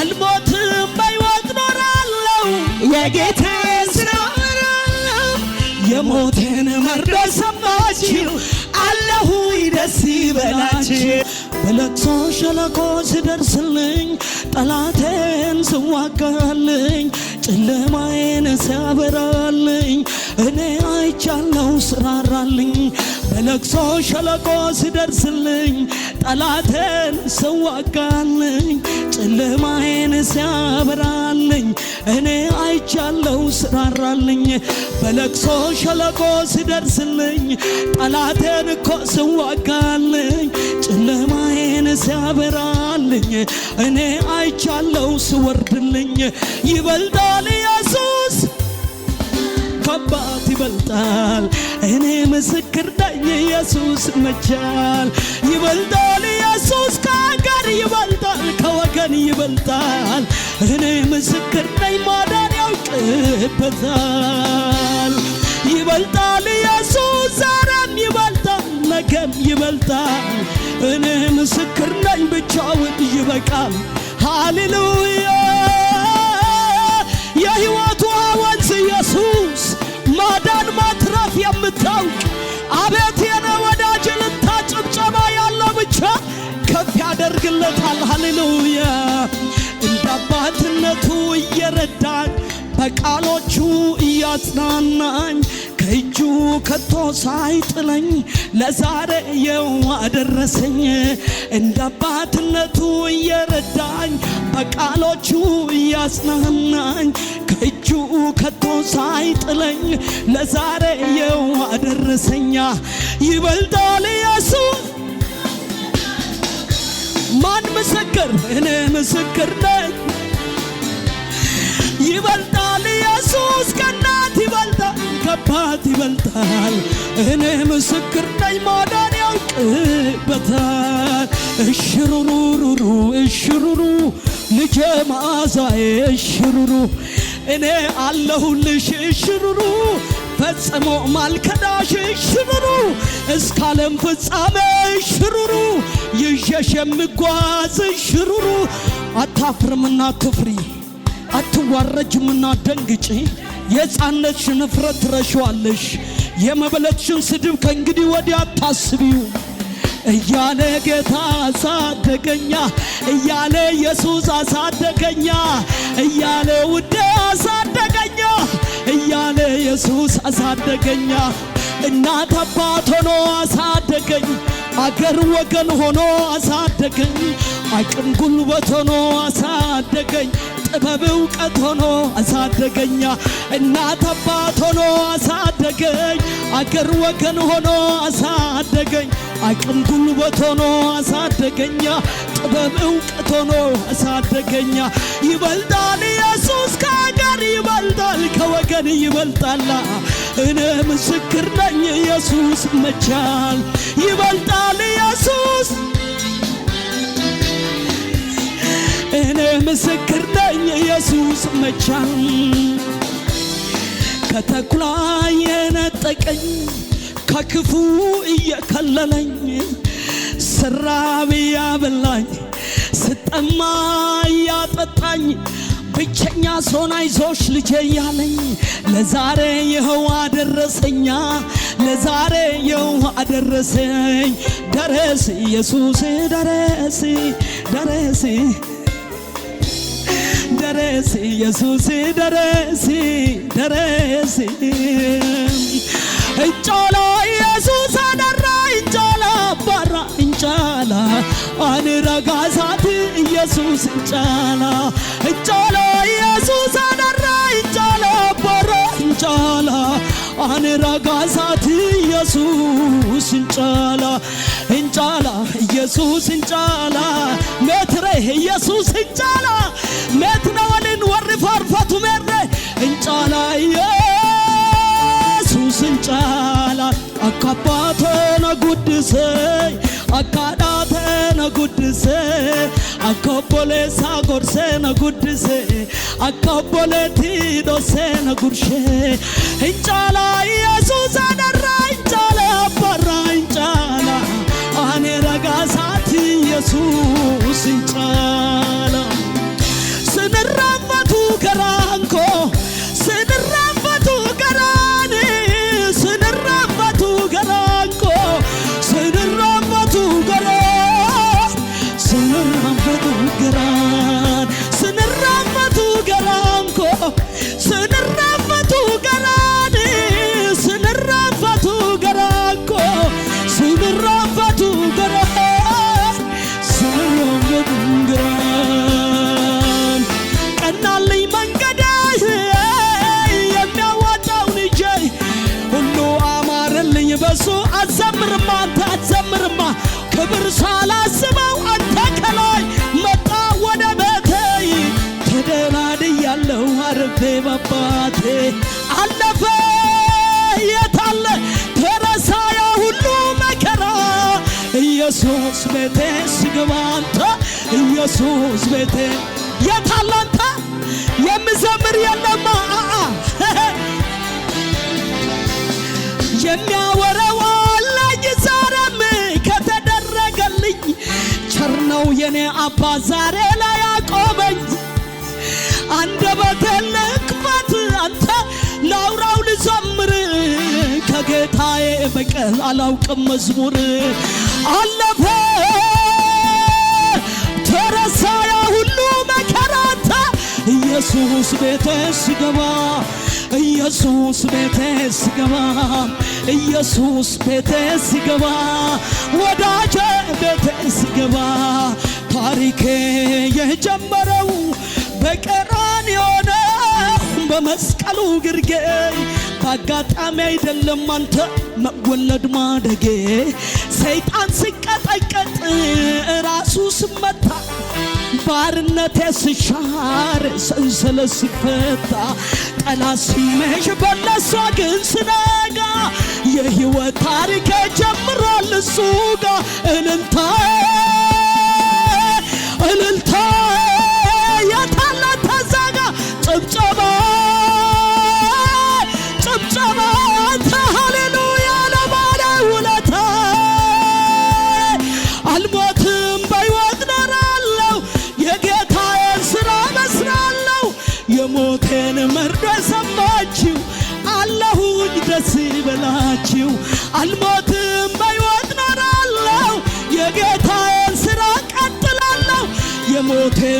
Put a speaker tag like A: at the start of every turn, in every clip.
A: አልሞትም በሕይወት ኖራለሁ የጌታዬን ስራ እኖራለሁ የሞትን መርዶ ሰማችሁ አለሁ ደስ ይበላችሁ በለቅሶ ሸለቆ ስደርስልኝ ጠላቴን ስዋጋልኝ ጨለማዬን ሲያበራልኝ እኔ አይቻለው ስራራልኝ በለቅሶ ሸለቆ ስደርስልኝ ጠላቴን ስዋጋልኝ ጨለማዬን ሲያበራልኝ እኔ አይቻለው ስራራልኝ በለቅሶ ሸለቆ ስደርስልኝ ጠላቴን እኮ ስዋጋልኝ ጨለማዬን ሲያበራልኝ እኔ አይቻለው ስወርድልኝ ይበልጣል ኢየሱስ ከባት ይበልጣል እኔ ምስክር ነኝ። ኢየሱስ መቻል ይበልጣል። ኢየሱስ ከአገር ይበልጣል፣ ከወገን ይበልጣል። እኔ ምስክር ነኝ። ማዳን ያውቅበታል። ይበልጣል ኢየሱስ ዛሬም ይበልጣል፣ ነገም ይበልጣል። እኔ ምስክር ነኝ። ብቻውን ይበቃል። ሃሌሉያ የሕይወቱ ወንዝ ኢየሱስ ማዳን ማት አፍ የምታውቅ አቤት የነ ወዳጅ ልታ ጭብጨባ ያለው ብቻ ከፍ ያደርግለታል። ሃሌሉያ እንደ አባትነቱ እየረዳኝ በቃሎቹ እያጽናናኝ ከእጁ ከቶ ሳይጥለኝ ለዛሬ የው አደረሰኝ እንደ አባትነቱ እየረዳኝ በቃሎቹ እያጽናናኝ ሳይጥለኝ ለዛሬ የው አደረሰኛ ይበልጣል ያሱ ማን ምስክር እኔ ምስክር ነኝ ይበልጣል ኢየሱስ ከናት ይበልጣል ከባት ይበልጣል እኔ ምስክር ነኝ ማዳን ያውቅበታል እሽሩሩሩሩ እሽሩሩ ልጄ መዓዛዬ እሽሩሩ እኔ አለሁልሽ ሽሩሩ ፈጽሞ ማልከዳሽ ሽሩሩ እስከ ዓለም ፍጻሜ ሽሩሩ ይዤሽ የምጓዝ ሽሩሩ አታፍርምና ክፍሪ አትዋረጅምና ደንግጪ የሕፃነትሽን እፍረት ትረሺዋለሽ። የመበለትሽን ስድብ ከእንግዲህ ወዲያ አታስቢው። እያለ ጌታ አሳደገኛ እያለ ኢየሱስ አሳደገኛ እያለ ውዴ አሳደገኛ እያለ ኢየሱስ አሳደገኛ እናት አባት ሆኖ አሳደገኝ አገር ወገን ሆኖ አሳደገኝ አቅም ጉልበት ሆኖ አሳ አሳደገኝ ጥበብ እውቀት ሆኖ አሳደገኛ እናት አባት ሆኖ አሳደገኝ አገር ወገን ሆኖ አሳደገኝ አቅም ጉልበት ሆኖ አሳደገኛ ጥበብ እውቀት ሆኖ አሳደገኛ ይበልጣል ኢየሱስ ከአገር ይበልጣል ከወገን ይበልጣል እኔ ምስክር ነኝ ኢየሱስ መቻል ይበልጣል ኢየሱስ እኔ ምስክር ነኝ ኢየሱስ መቻል ከተኩላ የነጠቀኝ ከክፉ እየከለለኝ ስራብ ያበላኝ ስጠማ ያጠጣኝ ብቸኛ ሶን አይዞሽ ልጄ ያለኝ ለዛሬ ይኸው አደረሰኛ ለዛሬ ይኸው አደረሰኝ ደረስ ኢየሱስ ደረስ ደረስ ደረስ ኢየሱስ ደረስ ደረስ እንጫላ ኢየሱስ አደራ እንጫላ አባራ እንጫላ አንረጋሳት ኢየሱስ እንጫላ እንጫላ ኢየሱስ አደራ እንጫላ አባራ እንጫላ አነ ኢየሱስ እንጫላ እንጫላ ኢየሱስ እንጫላ ሜትረ ኢየሱስ እንጫላ ሜትነወልን ወር ፈርፈቱ ሜረ እንጫላ ኢየሱስ እንጫላ አካባተነ ጉድሰይ አካዳተ ನಗುಡ್ಡಿಸೆ ಅಕ್ಕೊಬ್ಬೊಲೆ ಸಾಗೊಡ್ಸೆ ನಗುಡ್ಡಿಸೆ ಅಕ್ಕೊಬ್ಬೊಲೆ ತೀದೊಸೆ ನಗುಡ್ಸೆ ಹಿಂಚಾಲ ಇಯೇಸುಸನರ ಹಿಂಚಾಲ ಅಪ್ಪರ ಹಿಂಚಾಲ ಆನೆ ರಗ ಸಾಥಿ ಯೇಸು ኢየሱስ ቤቴ ስግባ አንተ ኢየሱስ ቤቴ የታላንተ የምዘምር የለማ የሚያወራው አለ ይዛረም ከተደረገልኝ ቸር ነው የኔ አባ ዛሬ ላይ አቆመኝ አንደበቴን ከጌታዬ በቀር አላውቅም መዝሙር አለፈ ተረሳ ሁሉ መከራታ ኢየሱስ ቤቴ ስገባ ኢየሱስ ቤቴ ስገባ ኢየሱስ ቤቴ ስገባ ወዳጄ ቤቴ ስገባ ታሪኬ የጀመረው በቀራንዮ የሆነ በመስቀሉ ግርጌ በአጋጣሚ አይደለም አንተ መወለድ ማደጌ ሰይጣን ስቀጠቀጥ ራሱ ስመታ ባርነቴ ስሻር ሰንሰለት ሲፈታ ጠላት ሲመሽ በለሷ ግን ስነጋ የሕይወት ታሪኬ ጀምሯል እሱ ጋር እልልታ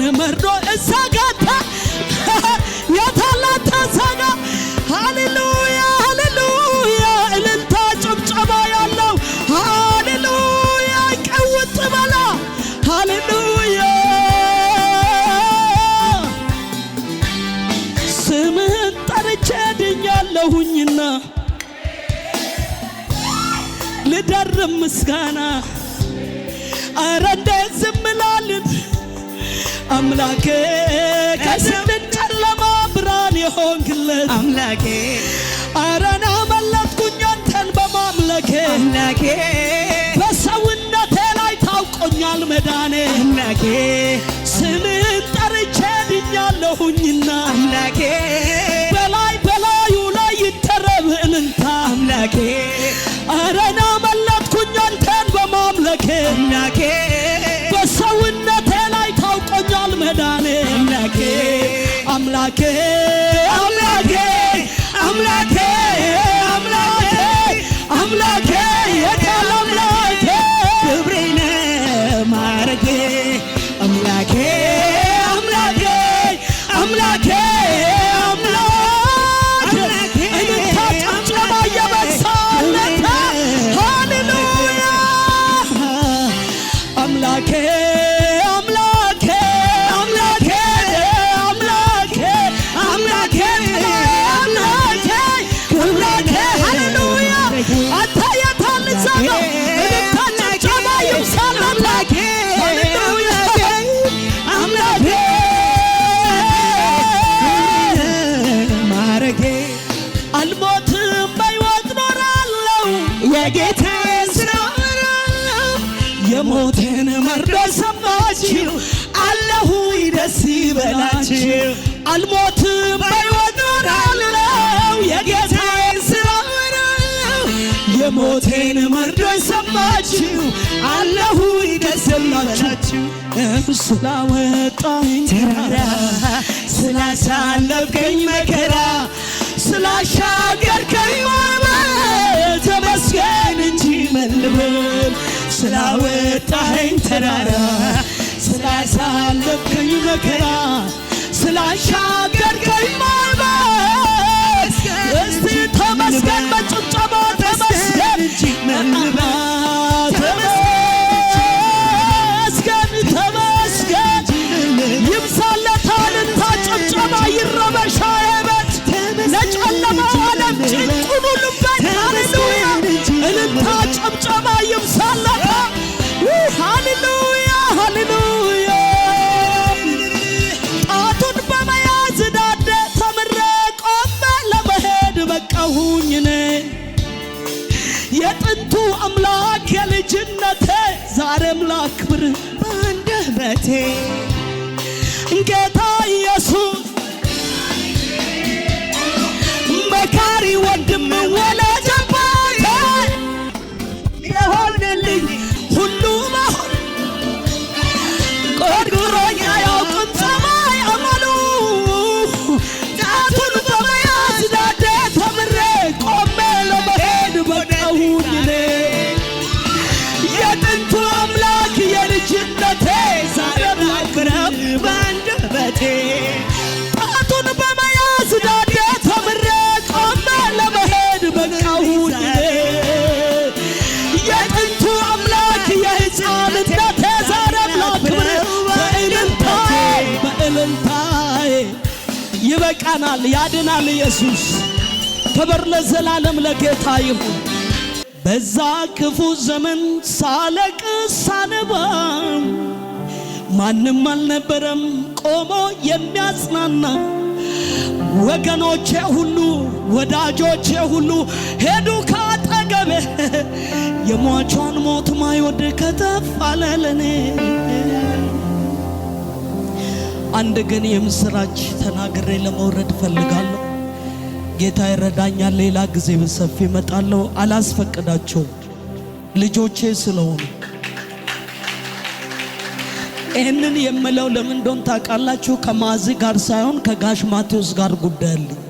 A: ግን መርዶ እሳጋታ የታላታ ሳጋ ሃሌሉያ ሃሌሉያ እልልታ ጭብጨባ ያለው ሃሌሉያ ቀውጥ በላ ሃሌሉያ ስምህን ጠርቼ ድኛለሁኝና ልደርም ምስጋና አምላኬ ከስም ጨለማ ብርሃን የሆንክለት አምላኬ አረና መለጥኩኝ አንተን በማምለኬ አምላኬ በሰውነቴ ላይ ታውቆኛል መዳኔ አምላኬ ስምን ጠርቼ ድኛለሁኝና አምላኬ አልሞትም በሕይወት ኖራለሁ የጌታዬን ስራ እኖራለሁ። የሞትን መርዶ ሰማችሁ አለሁ ደስ ይበላችሁ። አልሞትም በሕይወት ኖራለሁ የጌታዬን ስራ እኖራለሁ። የሞትን መርዶ ሰማችሁ አለሁ ደስ ይበላችሁ። ስላወጣኝ ተራራ ስላሳለፍከኝ መከራ ስላሻገርከኝ ወንበር ተመስገን እንጂ መልበል ስላወጣኸኝ ተራራ ስላሳለፍከኝ መከራ ስላሻገርከኝ ወንበር እስቲ ተመስገን በጭ አክብር በአንደበቴ ጌታ ኢየሱስ መካሪ ወንድም ወላጅ አባቴ የሆንልኝ ሁሉ መሆን ቆርቁሮኝ አያውቅም ሰማይ አመሉ ጣቱን በመያዝ ተምሬ ቆሜ ለመሄድ ይበቃናል፣ ያድናል ኢየሱስ። ክብር ለዘላለም ለጌታ ይሁን። በዛ ክፉ ዘመን ሳለቅስ ሳነባ ማንም አልነበረም ቆሞ የሚያጽናና። ወገኖቼ ሁሉ ወዳጆቼ ሁሉ ሄዱ ካጠገቤ የሟቿን ሞት ማይወድ ከተፋለለኔ አንድ ግን የምስራች ተናግሬ ለመውረድ ፈልጋለሁ። ጌታ ይረዳኛል። ሌላ ጊዜ በሰፊ እመጣለሁ። አላስፈቅዳቸውም፣ ልጆቼ ስለሆኑ። ይህንን የምለው ለምን እንደሆነ ታውቃላችሁ? ከማዚ ጋር ሳይሆን ከጋሽ ማቴዎስ ጋር ጉዳይ አለኝ።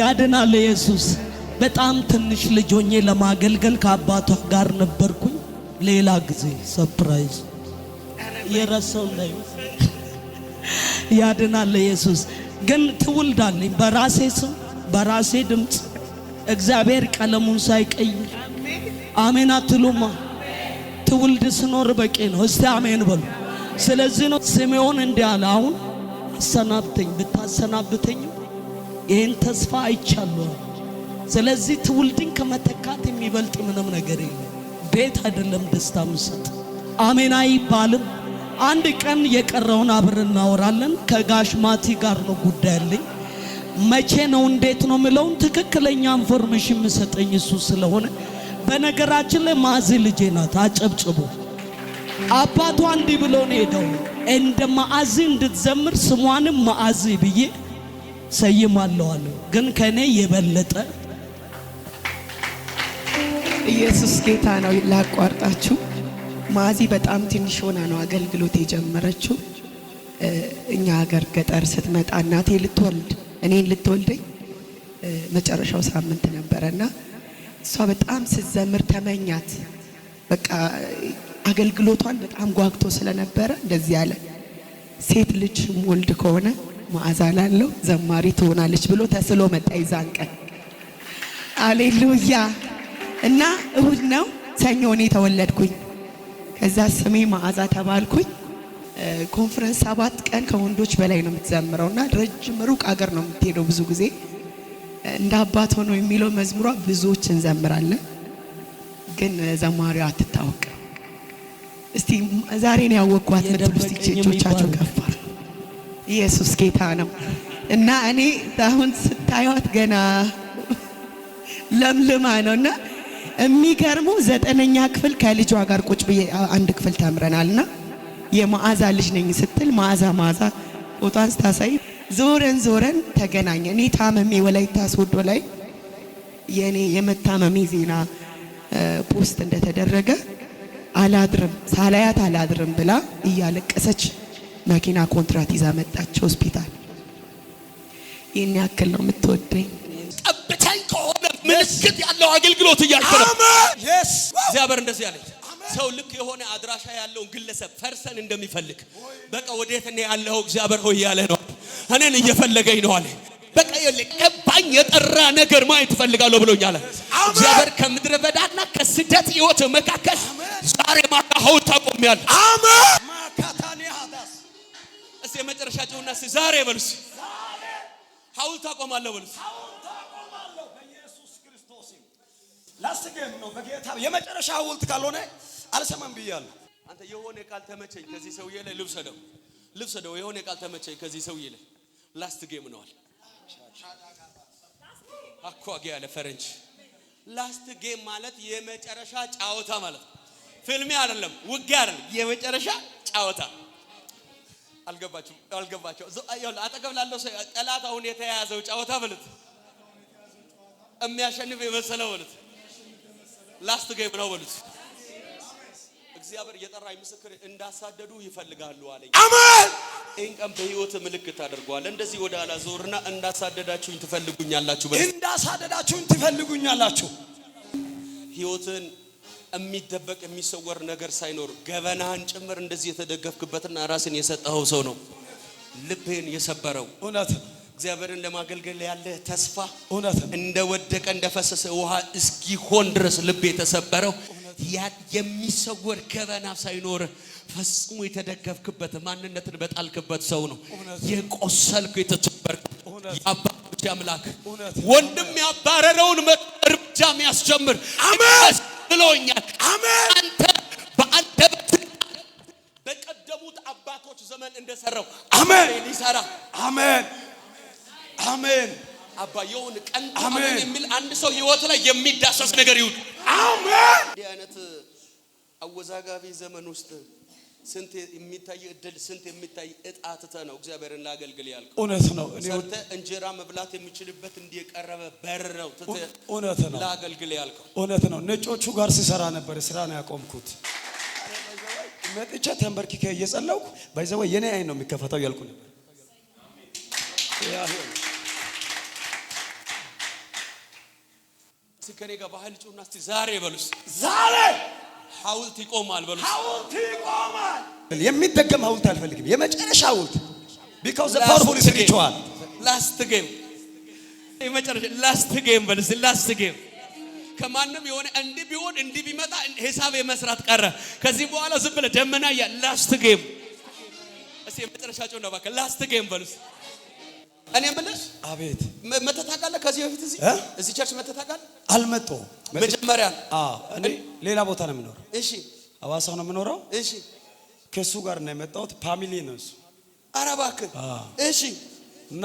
A: ያድናል ኢየሱስ። በጣም ትንሽ ልጆኜ ለማገልገል ከአባቷ ጋር ነበርኩኝ። ሌላ ጊዜ ሰፕራይዝ የረሰው ያድናል ኢየሱስ። ግን ትውልዳለኝ በራሴ ስም በራሴ ድምፅ እግዚአብሔር ቀለሙን ሳይቀይር አሜን አትሉማ? ትውልድ ስኖር በቂ ነው። እስቲ አሜን በሉ። ስለዚህ ነው ስምዖን እንዲህ አለ፣ አሁን አሰናብተኝ፣ ብታሰናብተኝ ይህን ተስፋ አይቻለሁ። ስለዚህ ትውልድን ከመተካት የሚበልጥ ምንም ነገር የለም። ቤት አይደለም ደስታ ምሰጥ አሜን አይባልም። አንድ ቀን የቀረውን አብር እናወራለን። ከጋሽ ማቲ ጋር ነው ጉዳይ አለኝ። መቼ ነው እንዴት ነው የምለውን ትክክለኛ ኢንፎርሜሽን የምሰጠኝ እሱ ስለሆነ፣ በነገራችን ላይ ማዕዜ ልጄ ናት። አጨብጭቦ አባቷ እንዲህ ብሎ ነው ሄደው እንደ ማዕዜ እንድትዘምር ስሟንም ማዕዜ ብዬ ሰይማለዋለሁ። ግን ከእኔ የበለጠ ኢየሱስ ጌታ ነው። ላቋርጣችሁ ማዚ በጣም ትንሽ ሆና ነው አገልግሎት የጀመረችው። እኛ ሀገር ገጠር ስትመጣ እናቴ ልትወልድ እኔን ልትወልደኝ መጨረሻው ሳምንት ነበረና እሷ በጣም ስትዘምር ተመኛት። በቃ አገልግሎቷን በጣም ጓግቶ ስለነበረ እንደዚህ ያለ ሴት ልጅ ወልድ ከሆነ መዓዛ ላለው ዘማሪ ትሆናለች ብሎ ተስሎ መጣ። ይዛን ቀን አሌሉያ። እና እሁድ ነው ሰኞ እኔ ተወለድኩኝ። ከዛ ስሜ መዓዛ ተባልኩኝ። ኮንፈረንስ ሰባት ቀን ከወንዶች በላይ ነው የምትዘምረው እና ረጅም ሩቅ አገር ነው የምትሄደው። ብዙ ጊዜ እንደ አባት ሆኖ የሚለው መዝሙሯ ብዙዎች እንዘምራለን፣ ግን ዘማሪዋ አትታወቅ። እስቲ ዛሬን ያወቅኳት ምትሉ እስቲ እጆቻቸው ከፍ ኢየሱስ ጌታ ነው እና እኔ አሁን ስታዩት ገና ለምልማ ነው እና የሚገርሙ ዘጠነኛ ክፍል ከልጇ ጋር ቁጭ ብዬ አንድ ክፍል ተምረናልና የመዓዛ ልጅ ነኝ ስትል መዓዛ መዓዛ ፎቷን ስታሳይ ዞረን ዞረን ተገናኘ። እኔ ታመሜ ወላይታ ሶዶ ላይ የኔ የመታመሜ ዜና ፖስት እንደተደረገ አላድርም ሳላያት አላድርም ብላ እያለቀሰች መኪና ኮንትራት ይዛ መጣች ሆስፒታል። ይህን ያክል ነው የምትወደኝ
B: ምልክት ያለው አገልግሎት እያልክ ነው። እግዚአብሔር እንደዚህ ያለኝ ሰው ልክ የሆነ አድራሻ ያለውን ግለሰብ ፈርሰን እንደሚፈልግ በቃ ወዴት ነው ያለው? እግዚአብሔር ሆይ ያለ ነው። እኔን እየፈለገኝ ነው አለ። በቃ የቀባኝ የጠራ ነገር ማየት ትፈልጋለሁ ብሎኛል። እግዚአብሔር ከምድረ በዳና ከስደት ህይወት መካከል ዛሬ ማታ ሐውልት ታቆሚያለህ። አሜን። የመጨረሻ ጭውና ዛሬ በሉስ ሐውልት ታቆማለሁ በሉስ ላስገን ነው በጌታ የመጨረሻ ውልት ካልሆነ አልሰማም ብያለሁ። አንተ የሆነ ቃል ተመቸኝ ከዚህ ሰውዬ ላይ ልብሰ የሆነ ቃል ተመቸኝ ከዚህ ሰውዬ ላይ ላስት ጌም ነዋል አኳጊ ያለ ፈረንጅ ላስት ጌም ማለት የመጨረሻ ጫወታ ማለት ነው። አይደለም፣ ውጊያ አይደለም፣ የመጨረሻ ጫወታ አልገባቸው አጠገብ ላለው ሰው ጠላት አሁን የተያያዘው ጫወታ በሉት፣ የሚያሸንፍ የመሰለው በሉት ላስት ጌም ነው በሉት። እግዚአብሔር እየጠራኝ ምስክር እንዳሳደዱ ይፈልጋሉ አለኝ። አሜን። ይህን ቀን በህይወት ምልክት አድርጓል። እንደዚህ ወደ ኋላ ዞርና እንዳሳደዳችሁኝ ትፈልጉኛላችሁ፣
C: እንዳሳደዳችሁኝ ትፈልጉኛላችሁ።
B: ህይወትን የሚደበቅ የሚሰወር ነገር ሳይኖር ገበናህን ጭምር እንደዚህ የተደገፍክበትና ራስን የሰጠኸው ሰው ነው ልብህን የሰበረው እውነት እግዚአብሔርን ለማገልገል ያለ ተስፋ እውነት እንደወደቀ እንደፈሰሰ ውሃ እስኪሆን ድረስ ልብ የተሰበረው የሚሰወር ገበና ሳይኖር ፈጽሞ የተደገፍክበት ማንነትን በጣልክበት ሰው ነው የቆሰልኩ የተሰበርክ የአባቶች አምላክ ወንድም ያባረረውን እርምጃ የሚያስጀምር አሜን ብሎኛል። አንተ በአንተ በቀደሙት አባቶች ዘመን እንደሰራው አሜን ሊሰራ
C: አሜን አሜን።
B: አባየውን የሆነ ቀን አሜን የሚል አንድ ሰው ህይወት ላይ የሚዳሰስ ነገር ይሁን። አሜን። እንዲህ አይነት አወዛጋቢ ዘመን ውስጥ ስንት የሚታይ እድል ስንት የሚታይ እጣ ትተህ ነው እግዚአብሔርን ላገልግል ያልከው። እውነት ነው። ሰርተህ እንጀራ መብላት የሚችልበት እንዲህ በር ነው እውነት ነው ላገልግል ያልከው።
C: እውነት ነው። ነጮቹ ጋር ሲሰራ ነበር ስራ ነው ያቆምኩት። መጥቼ ተንበርክኬ እየጸለውኩ ባይዘወ የኔ አይን ነው የሚከፈተው ያልኩ ነበር
B: ከኔ ጋር ባህል ጩና እስቲ ዛሬ በሉስ፣ ዛሬ ሐውልት ይቆማል በሉስ፣
C: ሐውልት ይቆማል። የሚደገም ሐውልት አልፈልግም፣ የመጨረሻ ሐውልት ቢኮዝ ዘ ፓወርፉል ኢዝ ሪቹዋል።
B: ላስት ጌም የመጨረሻ ላስት ጌም በሉስ፣ ላስት ጌም ከማንም የሆነ እንዲህ ቢሆን እንዲህ ቢመጣ ሂሳብ የመስራት ቀረ። ከዚህ በኋላ ዝም ብለህ ደመና ያ ላስት ጌም እስቲ የመጨረሻ ጮና ባከ ላስት ጌም በሉስ እኔ የምልሽ አቤት መተህ ከዚህ በፊት እዚህ እዚህ ቸርች መተህ
C: ታውቃለህ? መጀመሪያ እኔ ሌላ ቦታ ነው የምኖረው። እሺ፣ ሐዋሳ ነው የምኖረው። እሺ፣ ከሱ ጋር ነው የመጣሁት። ፋሚሊ ነው እሱ።
B: ኧረ እባክህ። እሺ።
C: እና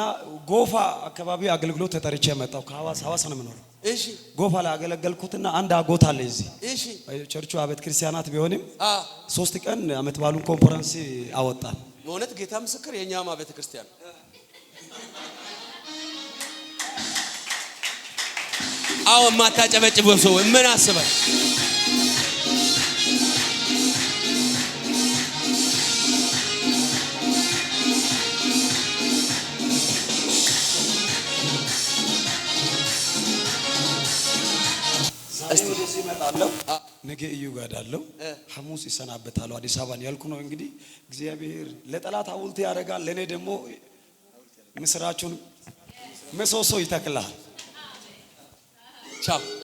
C: ጎፋ አካባቢ አገልግሎት ተጠርቼ የመጣሁ ከሐዋሳ ሐዋሳ ነው የምኖረው። እሺ። ጎፋ ላይ አገለገልኩትና አንድ አጎት አለ እዚህ። እሺ። ቸርቹ አቤት ክርስቲያናት ቢሆንም ሶስት ቀን አመት ባሉን ኮንፈረንስ አወጣ
B: በእውነት ጌታ ምስክር የኛማ ቤተ ክርስቲያን አዎ የማታጨበጭበው ሰው ምን አስበህ?
C: ነገ እዩ ጋዳለው ሐሙስ ይሰናበታለሁ አዲስ አበባን ያልኩ ነው። እንግዲህ እግዚአብሔር ለጠላት ሐውልት ያደርጋል ለእኔ ደግሞ ምስራቹን ምሰሶ ይተክላል። ቻው